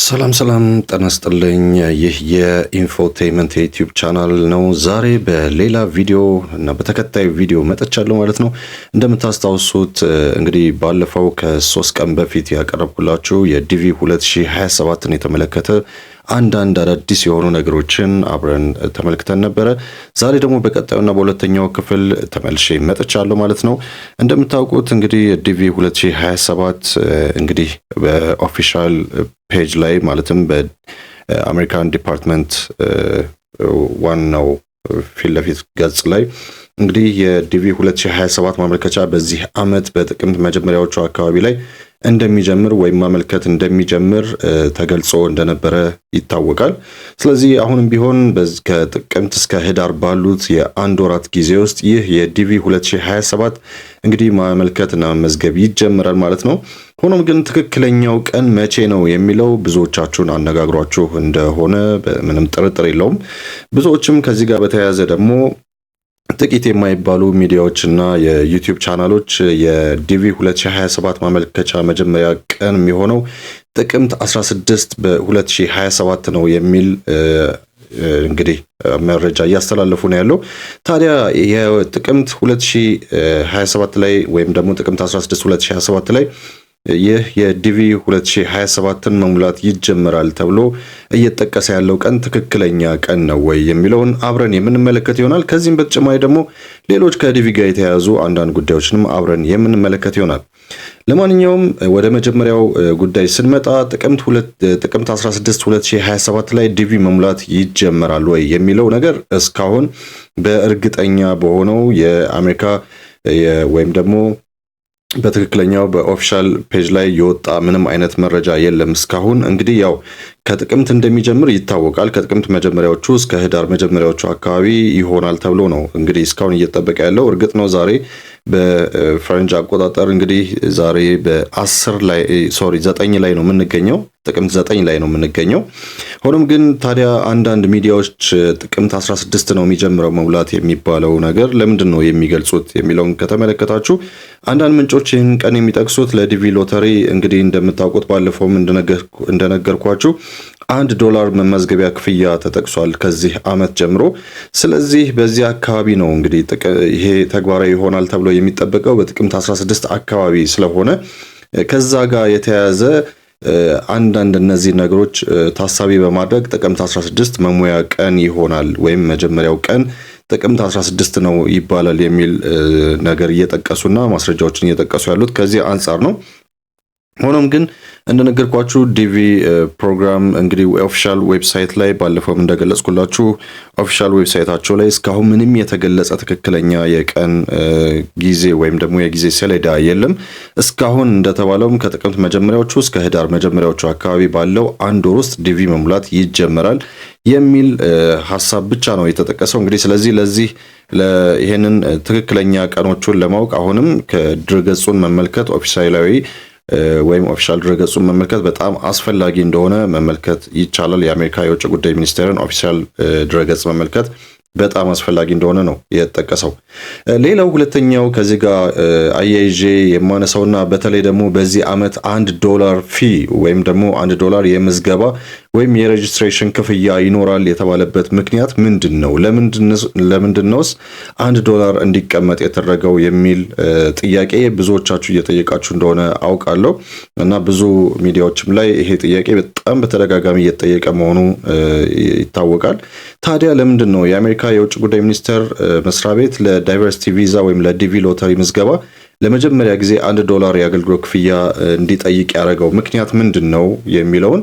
ሰላም ሰላም ጠነስጥልኝ ይህ የኢንፎቴይመንት የዩቲዩብ ቻናል ነው። ዛሬ በሌላ ቪዲዮ እና በተከታይ ቪዲዮ መጥቻለሁ ማለት ነው። እንደምታስታውሱት እንግዲህ ባለፈው ከሶስት ቀን በፊት ያቀረብኩላችሁ የዲቪ 2027ን የተመለከተ አንዳንድ አዳዲስ የሆኑ ነገሮችን አብረን ተመልክተን ነበረ። ዛሬ ደግሞ በቀጣዩና በሁለተኛው ክፍል ተመልሼ መጥቻለሁ ማለት ነው። እንደምታውቁት እንግዲህ ዲቪ 2027 እንግዲህ በኦፊሻል ፔጅ ላይ ማለትም በአሜሪካን ዲፓርትመንት ዋናው ፊት ለፊት ገጽ ላይ እንግዲህ የዲቪ 2027 ማመልከቻ በዚህ ዓመት በጥቅምት መጀመሪያዎቹ አካባቢ ላይ እንደሚጀምር ወይም ማመልከት እንደሚጀምር ተገልጾ እንደነበረ ይታወቃል። ስለዚህ አሁንም ቢሆን ከጥቅምት እስከ ህዳር ባሉት የአንድ ወራት ጊዜ ውስጥ ይህ የዲቪ 2027 እንግዲህ ማመልከትና መመዝገብ ይጀምራል ማለት ነው። ሆኖም ግን ትክክለኛው ቀን መቼ ነው የሚለው ብዙዎቻችሁን አነጋግሯችሁ እንደሆነ ምንም ጥርጥር የለውም። ብዙዎችም ከዚህ ጋር በተያያዘ ደግሞ ጥቂት የማይባሉ ሚዲያዎች እና የዩቲዩብ ቻናሎች የዲቪ 2027 ማመልከቻ መጀመሪያ ቀን የሚሆነው ጥቅምት 16 በ2027 ነው የሚል እንግዲህ መረጃ እያስተላለፉ ነው ያለው። ታዲያ የጥቅምት 2027 ላይ ወይም ደግሞ ጥቅምት 16 2027 ላይ ይህ የዲቪ 2027ን መሙላት ይጀምራል ተብሎ እየጠቀሰ ያለው ቀን ትክክለኛ ቀን ነው ወይ የሚለውን አብረን የምንመለከት ይሆናል። ከዚህም በተጨማሪ ደግሞ ሌሎች ከዲቪ ጋር የተያያዙ አንዳንድ ጉዳዮችንም አብረን የምንመለከት ይሆናል። ለማንኛውም ወደ መጀመሪያው ጉዳይ ስንመጣ ጥቅምት 16 2027 ላይ ዲቪ መሙላት ይጀምራል ወይ የሚለው ነገር እስካሁን በእርግጠኛ በሆነው የአሜሪካ ወይም ደግሞ በትክክለኛው በኦፊሻል ፔጅ ላይ የወጣ ምንም አይነት መረጃ የለም እስካሁን። እንግዲህ ያው ከጥቅምት እንደሚጀምር ይታወቃል። ከጥቅምት መጀመሪያዎቹ እስከ ህዳር መጀመሪያዎቹ አካባቢ ይሆናል ተብሎ ነው እንግዲህ እስካሁን እየተጠበቀ ያለው። እርግጥ ነው ዛሬ በፈረንጅ አቆጣጠር እንግዲህ ዛሬ በአስር ላይ ሶሪ ዘጠኝ ላይ ነው የምንገኘው ጥቅምት ዘጠኝ ላይ ነው የምንገኘው። ሆኖም ግን ታዲያ አንዳንድ ሚዲያዎች ጥቅምት 16 ነው የሚጀምረው መብላት የሚባለው ነገር ለምንድን ነው የሚገልጹት የሚለውን ከተመለከታችሁ አንዳንድ ምንጮች ይህን ቀን የሚጠቅሱት ለዲቪ ሎተሪ እንግዲህ እንደምታውቁት ባለፈውም እንደነገርኳችሁ አንድ ዶላር መመዝገቢያ ክፍያ ተጠቅሷል ከዚህ ዓመት ጀምሮ። ስለዚህ በዚህ አካባቢ ነው እንግዲህ ይሄ ተግባራዊ ይሆናል ተብሎ የሚጠበቀው በጥቅምት 16 አካባቢ ስለሆነ ከዛ ጋር የተያያዘ አንዳንድ እነዚህ ነገሮች ታሳቢ በማድረግ ጥቅምት 16 መሙያ ቀን ይሆናል ወይም መጀመሪያው ቀን ጥቅምት 16 ነው ይባላል የሚል ነገር እየጠቀሱና ማስረጃዎችን እየጠቀሱ ያሉት ከዚህ አንጻር ነው። ሆኖም ግን እንደነገርኳችሁ ዲቪ ፕሮግራም እንግዲህ ኦፊሻል ዌብሳይት ላይ ባለፈውም እንደገለጽኩላችሁ ኦፊሻል ዌብሳይታቸው ላይ እስካሁን ምንም የተገለጸ ትክክለኛ የቀን ጊዜ ወይም ደግሞ የጊዜ ሰሌዳ የለም። እስካሁን እንደተባለውም ከጥቅምት መጀመሪያዎቹ እስከ ህዳር መጀመሪያዎቹ አካባቢ ባለው አንድ ወር ውስጥ ዲቪ መሙላት ይጀመራል የሚል ሀሳብ ብቻ ነው የተጠቀሰው። እንግዲህ ስለዚህ ለዚህ ይሄንን ትክክለኛ ቀኖቹን ለማወቅ አሁንም ከድረገጹን መመልከት ኦፊሳላዊ ወይም ኦፊሻል ድረገጹን መመልከት በጣም አስፈላጊ እንደሆነ መመልከት ይቻላል። የአሜሪካ የውጭ ጉዳይ ሚኒስቴርን ኦፊሻል ድረገጽ መመልከት በጣም አስፈላጊ እንደሆነ ነው የጠቀሰው ሌላው ሁለተኛው ከዚህ ጋር አያይዤ የማነሳውና በተለይ ደግሞ በዚህ ዓመት አንድ ዶላር ፊ ወይም ደግሞ አንድ ዶላር የምዝገባ ወይም የሬጅስትሬሽን ክፍያ ይኖራል የተባለበት ምክንያት ምንድን ነው? ለምንድን ነውስ አንድ ዶላር እንዲቀመጥ የተደረገው የሚል ጥያቄ ብዙዎቻችሁ እየጠየቃችሁ እንደሆነ አውቃለሁ እና ብዙ ሚዲያዎችም ላይ ይሄ ጥያቄ በጣም በተደጋጋሚ እየተጠየቀ መሆኑ ይታወቃል። ታዲያ ለምንድን ነው የአሜሪካ የውጭ ጉዳይ ሚኒስቴር መስሪያ ቤት ለዳይቨርሲቲ ቪዛ ወይም ለዲቪ ሎተሪ ምዝገባ ለመጀመሪያ ጊዜ አንድ ዶላር የአገልግሎት ክፍያ እንዲጠይቅ ያደረገው ምክንያት ምንድን ነው የሚለውን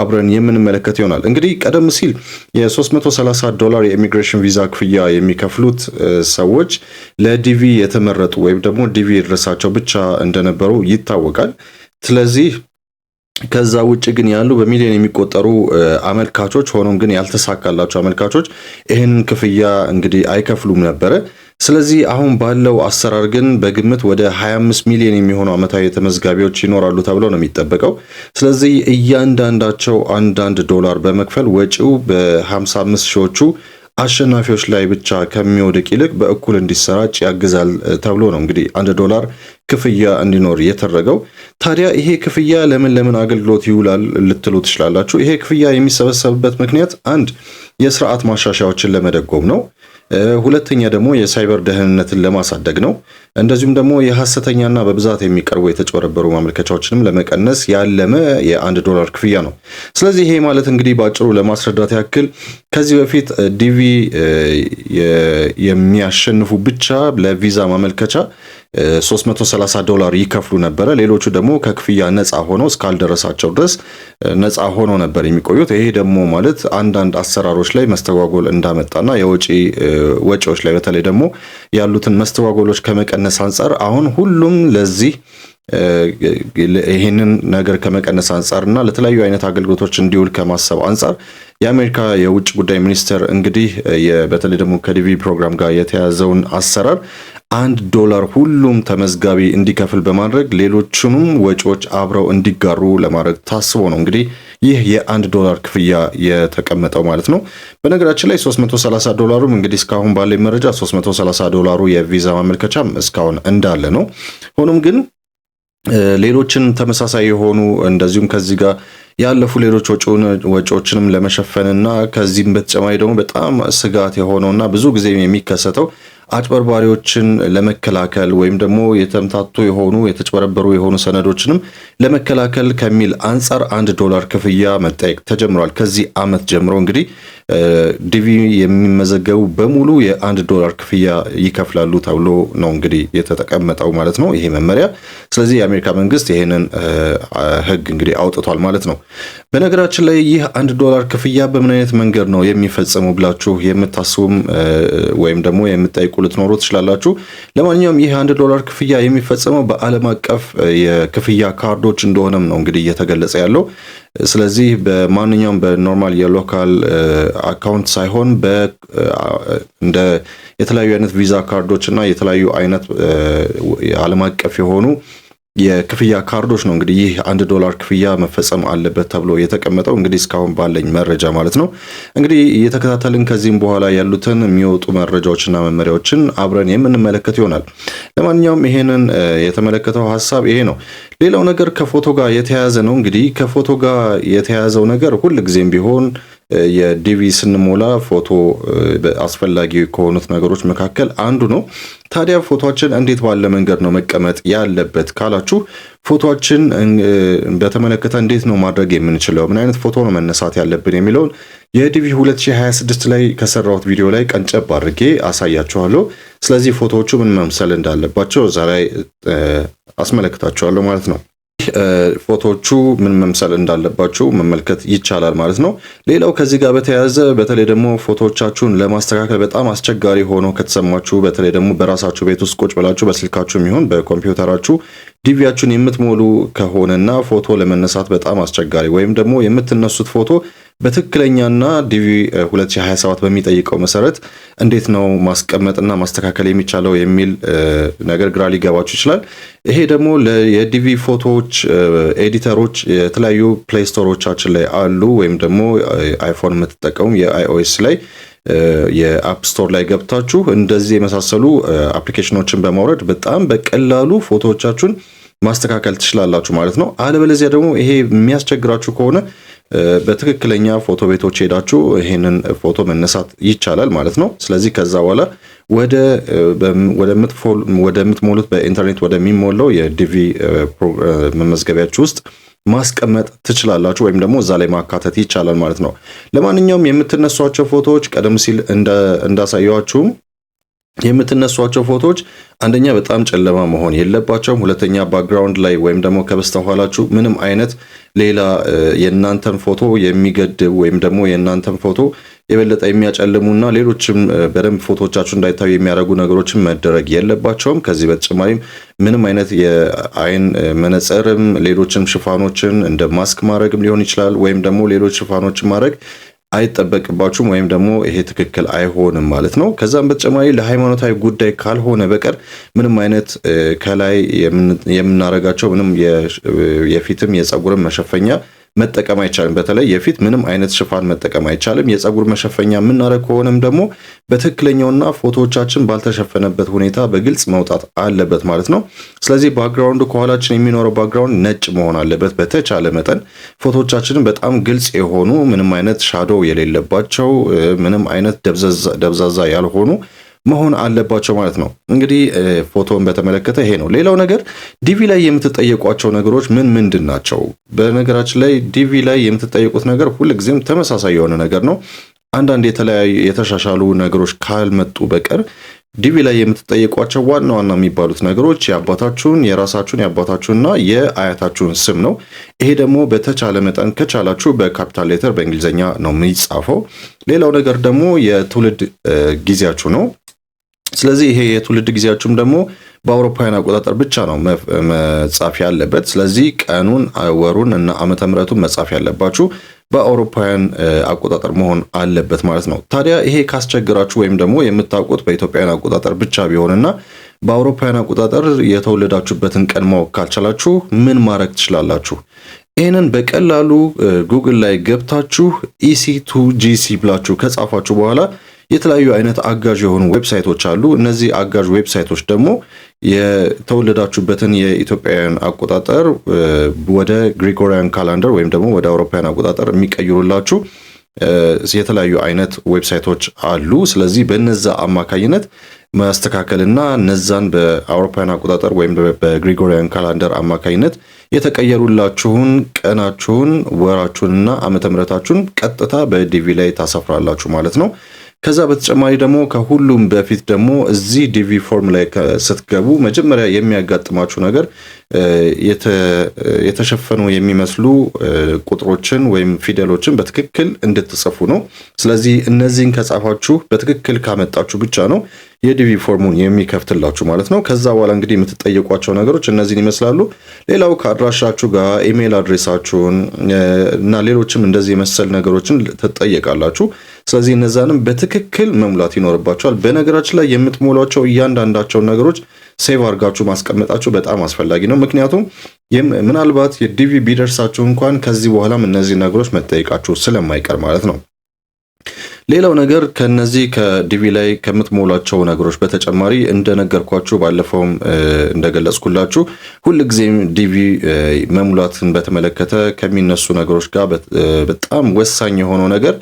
አብረን የምንመለከት ይሆናል። እንግዲህ ቀደም ሲል የ330 ዶላር የኢሚግሬሽን ቪዛ ክፍያ የሚከፍሉት ሰዎች ለዲቪ የተመረጡ ወይም ደግሞ ዲቪ ድረሳቸው ብቻ እንደነበሩ ይታወቃል። ስለዚህ ከዛ ውጭ ግን ያሉ በሚሊዮን የሚቆጠሩ አመልካቾች ሆኖም ግን ያልተሳካላቸው አመልካቾች ይህንን ክፍያ እንግዲህ አይከፍሉም ነበረ። ስለዚህ አሁን ባለው አሰራር ግን በግምት ወደ 25 ሚሊዮን የሚሆኑ ዓመታዊ ተመዝጋቢዎች ይኖራሉ ተብሎ ነው የሚጠበቀው። ስለዚህ እያንዳንዳቸው አንዳንድ ዶላር በመክፈል ወጪው በ55 ሺዎቹ አሸናፊዎች ላይ ብቻ ከሚወድቅ ይልቅ በእኩል እንዲሰራጭ ያግዛል ተብሎ ነው እንግዲህ አንድ ዶላር ክፍያ እንዲኖር የተደረገው። ታዲያ ይሄ ክፍያ ለምን ለምን አገልግሎት ይውላል ልትሉ ትችላላችሁ። ይሄ ክፍያ የሚሰበሰብበት ምክንያት አንድ የስርዓት ማሻሻያዎችን ለመደጎም ነው። ሁለተኛ ደግሞ የሳይበር ደህንነትን ለማሳደግ ነው። እንደዚሁም ደግሞ የሐሰተኛና በብዛት የሚቀርቡ የተጭበረበሩ ማመልከቻዎችንም ለመቀነስ ያለመ የአንድ ዶላር ክፍያ ነው። ስለዚህ ይሄ ማለት እንግዲህ በአጭሩ ለማስረዳት ያክል ከዚህ በፊት ዲቪ የሚያሸንፉ ብቻ ለቪዛ ማመልከቻ 330 ዶላር ይከፍሉ ነበረ። ሌሎቹ ደግሞ ከክፍያ ነፃ ሆነው እስካልደረሳቸው ድረስ ነፃ ሆነው ነበር የሚቆዩት። ይሄ ደግሞ ማለት አንዳንድ አሰራሮች ላይ መስተጓጎል እንዳመጣና የወጪ ወጪዎች ላይ በተለይ ደግሞ ያሉትን መስተጓጎሎች ከመቀነስ አንጻር አሁን ሁሉም ለዚህ ይህንን ነገር ከመቀነስ አንጻር እና ለተለያዩ አይነት አገልግሎቶች እንዲውል ከማሰብ አንጻር የአሜሪካ የውጭ ጉዳይ ሚኒስቴር እንግዲህ በተለይ ደግሞ ከዲቪ ፕሮግራም ጋር የተያዘውን አሰራር አንድ ዶላር ሁሉም ተመዝጋቢ እንዲከፍል በማድረግ ሌሎችንም ወጪዎች አብረው እንዲጋሩ ለማድረግ ታስቦ ነው እንግዲህ ይህ የአንድ ዶላር ክፍያ የተቀመጠው ማለት ነው። በነገራችን ላይ 330 ዶላሩም እንግዲህ እስካሁን ባለ መረጃ 330 ዶላሩ የቪዛ ማመልከቻም እስካሁን እንዳለ ነው። ሆኖም ግን ሌሎችን ተመሳሳይ የሆኑ እንደዚሁም ከዚህ ጋር ያለፉ ሌሎች ወጪዎችንም ለመሸፈንና ከዚህም በተጨማሪ ደግሞ በጣም ስጋት የሆነውና ብዙ ጊዜ የሚከሰተው አጭበርባሪዎችን ለመከላከል ወይም ደግሞ የተምታቱ የሆኑ የተጭበረበሩ የሆኑ ሰነዶችንም ለመከላከል ከሚል አንጻር አንድ ዶላር ክፍያ መጠየቅ ተጀምሯል። ከዚህ ዓመት ጀምሮ እንግዲህ ዲቪ የሚመዘገቡ በሙሉ የአንድ ዶላር ክፍያ ይከፍላሉ ተብሎ ነው እንግዲህ የተጠቀመጠው ማለት ነው ይሄ መመሪያ። ስለዚህ የአሜሪካ መንግስት ይህንን ህግ እንግዲህ አውጥቷል ማለት ነው። በነገራችን ላይ ይህ አንድ ዶላር ክፍያ በምን አይነት መንገድ ነው የሚፈጸመው ብላችሁ የምታስቡም ወይም ደግሞ የምጠይቁ ልትኖሩ ትችላላችሁ። ለማንኛውም ይህ አንድ ዶላር ክፍያ የሚፈጸመው በዓለም አቀፍ የክፍያ ካርዶች እንደሆነም ነው እንግዲህ እየተገለጸ ያለው። ስለዚህ በማንኛውም በኖርማል የሎካል አካውንት ሳይሆን እንደ የተለያዩ አይነት ቪዛ ካርዶች እና የተለያዩ አይነት ዓለም አቀፍ የሆኑ የክፍያ ካርዶች ነው እንግዲህ ይህ አንድ ዶላር ክፍያ መፈጸም አለበት ተብሎ የተቀመጠው እንግዲህ እስካሁን ባለኝ መረጃ ማለት ነው። እንግዲህ እየተከታተልን ከዚህም በኋላ ያሉትን የሚወጡ መረጃዎችና መመሪያዎችን አብረን የምንመለከት ይሆናል። ለማንኛውም ይሄንን የተመለከተው ሀሳብ ይሄ ነው። ሌላው ነገር ከፎቶ ጋር የተያያዘ ነው። እንግዲህ ከፎቶ ጋር የተያያዘው ነገር ሁል ጊዜም ቢሆን የዲቪ ስንሞላ ፎቶ አስፈላጊ ከሆኑት ነገሮች መካከል አንዱ ነው። ታዲያ ፎቶችን እንዴት ባለ መንገድ ነው መቀመጥ ያለበት ካላችሁ፣ ፎቶችን በተመለከተ እንዴት ነው ማድረግ የምንችለው፣ ምን አይነት ፎቶ ነው መነሳት ያለብን የሚለውን የዲቪ 2026 ላይ ከሰራሁት ቪዲዮ ላይ ቀንጨብ አድርጌ አሳያችኋለሁ። ስለዚህ ፎቶዎቹ ምን መምሰል እንዳለባቸው እዛ ላይ አስመለክታችኋለሁ ማለት ነው። ፎቶዎቹ ምን መምሰል እንዳለባቸው መመልከት ይቻላል ማለት ነው። ሌላው ከዚህ ጋር በተያያዘ በተለይ ደግሞ ፎቶዎቻችሁን ለማስተካከል በጣም አስቸጋሪ ሆኖ ከተሰማችሁ በተለይ ደግሞ በራሳችሁ ቤት ውስጥ ቁጭ ብላችሁ በስልካችሁ የሚሆን በኮምፒውተራችሁ ዲቪያችሁን የምትሞሉ ከሆነና ፎቶ ለመነሳት በጣም አስቸጋሪ ወይም ደግሞ የምትነሱት ፎቶ በትክክለኛና ዲቪ 2027 በሚጠይቀው መሰረት እንዴት ነው ማስቀመጥና ማስተካከል የሚቻለው የሚል ነገር ግራ ሊገባችሁ ይችላል። ይሄ ደግሞ የዲቪ ፎቶዎች ኤዲተሮች የተለያዩ ፕሌይ ስቶሮቻችን ላይ አሉ፣ ወይም ደግሞ አይፎን የምትጠቀሙ የአይኦኤስ ላይ የአፕ ስቶር ላይ ገብታችሁ እንደዚህ የመሳሰሉ አፕሊኬሽኖችን በማውረድ በጣም በቀላሉ ፎቶዎቻችሁን ማስተካከል ትችላላችሁ ማለት ነው። አለበለዚያ ደግሞ ይሄ የሚያስቸግራችሁ ከሆነ በትክክለኛ ፎቶ ቤቶች ሄዳችሁ ይህንን ፎቶ መነሳት ይቻላል ማለት ነው። ስለዚህ ከዛ በኋላ ወደምትሞሉት በኢንተርኔት ወደሚሞላው የዲቪ መመዝገቢያችሁ ውስጥ ማስቀመጥ ትችላላችሁ ወይም ደግሞ እዛ ላይ ማካተት ይቻላል ማለት ነው። ለማንኛውም የምትነሷቸው ፎቶዎች ቀደም ሲል እንዳሳየኋችሁም የምትነሷቸው ፎቶዎች አንደኛ በጣም ጨለማ መሆን የለባቸውም። ሁለተኛ ባክግራውንድ ላይ ወይም ደግሞ ከበስተኋላችሁ ምንም አይነት ሌላ የእናንተን ፎቶ የሚገድብ ወይም ደግሞ የእናንተን ፎቶ የበለጠ የሚያጨልሙና ሌሎችም በደንብ ፎቶቻችሁ እንዳይታዩ የሚያደርጉ ነገሮችን መደረግ የለባቸውም። ከዚህ በተጨማሪም ምንም አይነት የአይን መነጽርም ሌሎችም ሽፋኖችን እንደ ማስክ ማድረግም ሊሆን ይችላል ወይም ደግሞ ሌሎች ሽፋኖችን ማድረግ አይጠበቅባችሁም ወይም ደግሞ ይሄ ትክክል አይሆንም ማለት ነው። ከዛም በተጨማሪ ለሃይማኖታዊ ጉዳይ ካልሆነ በቀር ምንም አይነት ከላይ የምናደርጋቸው ምንም የፊትም የጸጉርም መሸፈኛ መጠቀም አይቻልም። በተለይ የፊት ምንም አይነት ሽፋን መጠቀም አይቻልም። የፀጉር መሸፈኛ የምናደርግ ከሆነም ደግሞ በትክክለኛውና ፎቶዎቻችን ባልተሸፈነበት ሁኔታ በግልጽ መውጣት አለበት ማለት ነው። ስለዚህ ባክግራውንድ ከኋላችን የሚኖረው ባክግራውንድ ነጭ መሆን አለበት። በተቻለ መጠን ፎቶዎቻችንን በጣም ግልጽ የሆኑ ምንም አይነት ሻዶው የሌለባቸው ምንም አይነት ደብዛዛ ያልሆኑ መሆን አለባቸው ማለት ነው። እንግዲህ ፎቶን በተመለከተ ይሄ ነው። ሌላው ነገር ዲቪ ላይ የምትጠየቋቸው ነገሮች ምን ምንድን ናቸው? በነገራችን ላይ ዲቪ ላይ የምትጠየቁት ነገር ሁልጊዜም ተመሳሳይ የሆነ ነገር ነው። አንዳንድ የተለያዩ የተሻሻሉ ነገሮች ካልመጡ በቀር ዲቪ ላይ የምትጠየቋቸው ዋና ዋና የሚባሉት ነገሮች የአባታችሁን የራሳችሁን የአባታችሁንና የአያታችሁን ስም ነው። ይሄ ደግሞ በተቻለ መጠን ከቻላችሁ በካፒታል ሌተር በእንግሊዝኛ ነው የሚጻፈው። ሌላው ነገር ደግሞ የትውልድ ጊዜያችሁ ነው። ስለዚህ ይሄ የትውልድ ጊዜያችሁም ደግሞ በአውሮፓውያን አቆጣጠር ብቻ ነው መጻፍ ያለበት። ስለዚህ ቀኑን፣ ወሩን እና ዓመተ ምሕረቱን መጻፍ ያለባችሁ በአውሮፓውያን አቆጣጠር መሆን አለበት ማለት ነው። ታዲያ ይሄ ካስቸግራችሁ ወይም ደግሞ የምታውቁት በኢትዮጵያውያን አቆጣጠር ብቻ ቢሆንና በአውሮፓውያን አቆጣጠር የተወለዳችሁበትን ቀን ማወቅ ካልቻላችሁ ምን ማድረግ ትችላላችሁ? ይህንን በቀላሉ ጉግል ላይ ገብታችሁ ኢሲ ቱ ጂሲ ብላችሁ ከጻፋችሁ በኋላ የተለያዩ አይነት አጋዥ የሆኑ ዌብሳይቶች አሉ። እነዚህ አጋዥ ዌብሳይቶች ደግሞ የተወለዳችሁበትን የኢትዮጵያውያን አቆጣጠር ወደ ግሪጎሪያን ካላንደር ወይም ደግሞ ወደ አውሮፓውያን አቆጣጠር የሚቀይሩላችሁ የተለያዩ አይነት ዌብሳይቶች አሉ። ስለዚህ በነዛ አማካኝነት ማስተካከልና ነዛን በአውሮፓውያን አቆጣጠር ወይም በግሪጎሪያን ካላንደር አማካኝነት የተቀየሩላችሁን ቀናችሁን፣ ወራችሁንና ዓመተ ምሕረታችሁን ቀጥታ በዲቪ ላይ ታሰፍራላችሁ ማለት ነው። ከዛ በተጨማሪ ደግሞ ከሁሉም በፊት ደግሞ እዚህ ዲቪ ፎርም ላይ ስትገቡ መጀመሪያ የሚያጋጥማችሁ ነገር የተሸፈኑ የሚመስሉ ቁጥሮችን ወይም ፊደሎችን በትክክል እንድትጽፉ ነው። ስለዚህ እነዚህን ከጻፋችሁ በትክክል ካመጣችሁ ብቻ ነው የዲቪ ፎርሙን የሚከፍትላችሁ ማለት ነው። ከዛ በኋላ እንግዲህ የምትጠየቋቸው ነገሮች እነዚህን ይመስላሉ። ሌላው ከአድራሻችሁ ጋር ኢሜይል አድሬሳችሁን እና ሌሎችም እንደዚህ የመሰል ነገሮችን ትጠየቃላችሁ። ስለዚህ እነዛንም በትክክል መሙላት ይኖርባቸዋል። በነገራችን ላይ የምትሞሏቸው እያንዳንዳቸውን ነገሮች ሴቭ አድርጋችሁ ማስቀመጣችሁ በጣም አስፈላጊ ነው። ምክንያቱም ምናልባት የዲቪ ቢደርሳችሁ እንኳን ከዚህ በኋላም እነዚህ ነገሮች መጠየቃችሁ ስለማይቀር ማለት ነው። ሌላው ነገር ከነዚህ ከዲቪ ላይ ከምትሞላቸው ነገሮች በተጨማሪ እንደነገርኳችሁ ባለፈውም እንደገለጽኩላችሁ ሁልጊዜም ዲቪ መሙላትን በተመለከተ ከሚነሱ ነገሮች ጋር በጣም ወሳኝ የሆነው ነገር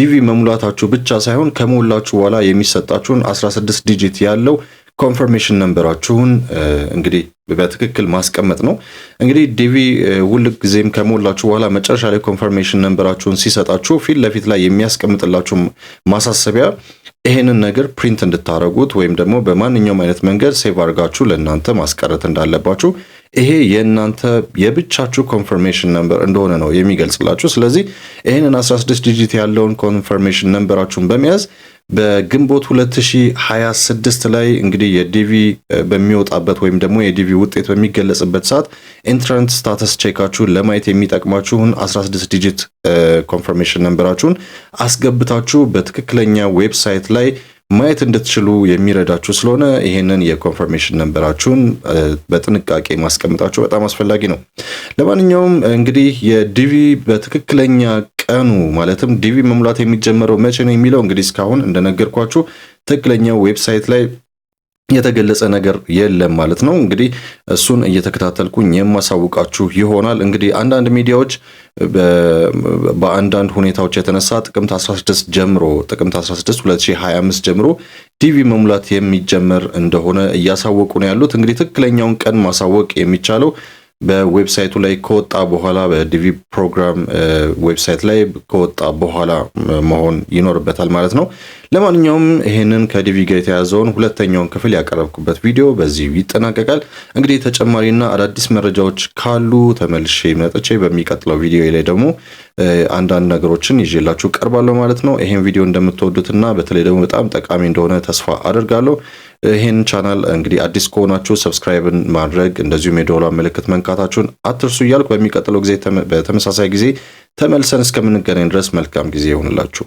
ዲቪ መሙላታችሁ ብቻ ሳይሆን ከሞላችሁ በኋላ የሚሰጣችሁን 16 ዲጂት ያለው ኮንፈርሜሽን ነንበራችሁን እንግዲህ በትክክል ማስቀመጥ ነው። እንግዲህ ዲቪ ውል ጊዜም ከሞላችሁ በኋላ መጨረሻ ላይ ኮንፈርሜሽን ነንበራችሁን ሲሰጣችሁ ፊት ለፊት ላይ የሚያስቀምጥላችሁ ማሳሰቢያ ይሄንን ነገር ፕሪንት እንድታደረጉት ወይም ደግሞ በማንኛውም አይነት መንገድ ሴቭ አድርጋችሁ ለእናንተ ማስቀረት እንዳለባችሁ ይሄ የእናንተ የብቻችሁ ኮንፈርሜሽን ነንበር እንደሆነ ነው የሚገልጽላችሁ። ስለዚህ ይህንን 16 ዲጂት ያለውን ኮንፈርሜሽን ነንበራችሁን በመያዝ በግንቦት 2026 ላይ እንግዲህ የዲቪ በሚወጣበት ወይም ደግሞ የዲቪ ውጤት በሚገለጽበት ሰዓት ኢንትራንት ስታተስ ቼካችሁን ለማየት የሚጠቅማችሁን 16 ዲጂት ኮንፈርሜሽን ነንበራችሁን አስገብታችሁ በትክክለኛ ዌብሳይት ላይ ማየት እንድትችሉ የሚረዳችሁ ስለሆነ ይህንን የኮንፈርሜሽን ነንበራችሁን በጥንቃቄ ማስቀምጣችሁ በጣም አስፈላጊ ነው። ለማንኛውም እንግዲህ የዲቪ በትክክለኛ ቀኑ ማለትም ዲቪ መሙላት የሚጀመረው መቼ ነው የሚለው እንግዲህ እስካሁን እንደነገርኳችሁ ትክክለኛው ዌብሳይት ላይ የተገለጸ ነገር የለም ማለት ነው። እንግዲህ እሱን እየተከታተልኩኝ የማሳውቃችሁ ይሆናል። እንግዲህ አንዳንድ ሚዲያዎች በአንዳንድ ሁኔታዎች የተነሳ ጥቅምት 16 ጀምሮ ጥቅምት 16 2025 ጀምሮ ዲቪ መሙላት የሚጀመር እንደሆነ እያሳወቁ ነው ያሉት። እንግዲህ ትክክለኛውን ቀን ማሳወቅ የሚቻለው በዌብሳይቱ ላይ ከወጣ በኋላ በዲቪ ፕሮግራም ዌብሳይት ላይ ከወጣ በኋላ መሆን ይኖርበታል ማለት ነው። ለማንኛውም ይህንን ከዲቪ ጋር የተያዘውን ሁለተኛውን ክፍል ያቀረብኩበት ቪዲዮ በዚህ ይጠናቀቃል። እንግዲህ ተጨማሪና አዳዲስ መረጃዎች ካሉ ተመልሼ መጥቼ በሚቀጥለው ቪዲዮ ላይ ደግሞ አንዳንድ ነገሮችን ይዤላችሁ ቀርባለሁ ማለት ነው። ይህን ቪዲዮ እንደምትወዱትና በተለይ ደግሞ በጣም ጠቃሚ እንደሆነ ተስፋ አድርጋለሁ። ይህን ቻናል እንግዲህ አዲስ ከሆናችሁ ሰብስክራይብን ማድረግ እንደዚሁም የደወሏ ምልክት መንካታችሁን አትርሱ እያልኩ በሚቀጥለው ጊዜ በተመሳሳይ ጊዜ ተመልሰን እስከምንገናኝ ድረስ መልካም ጊዜ ይሆንላችሁ።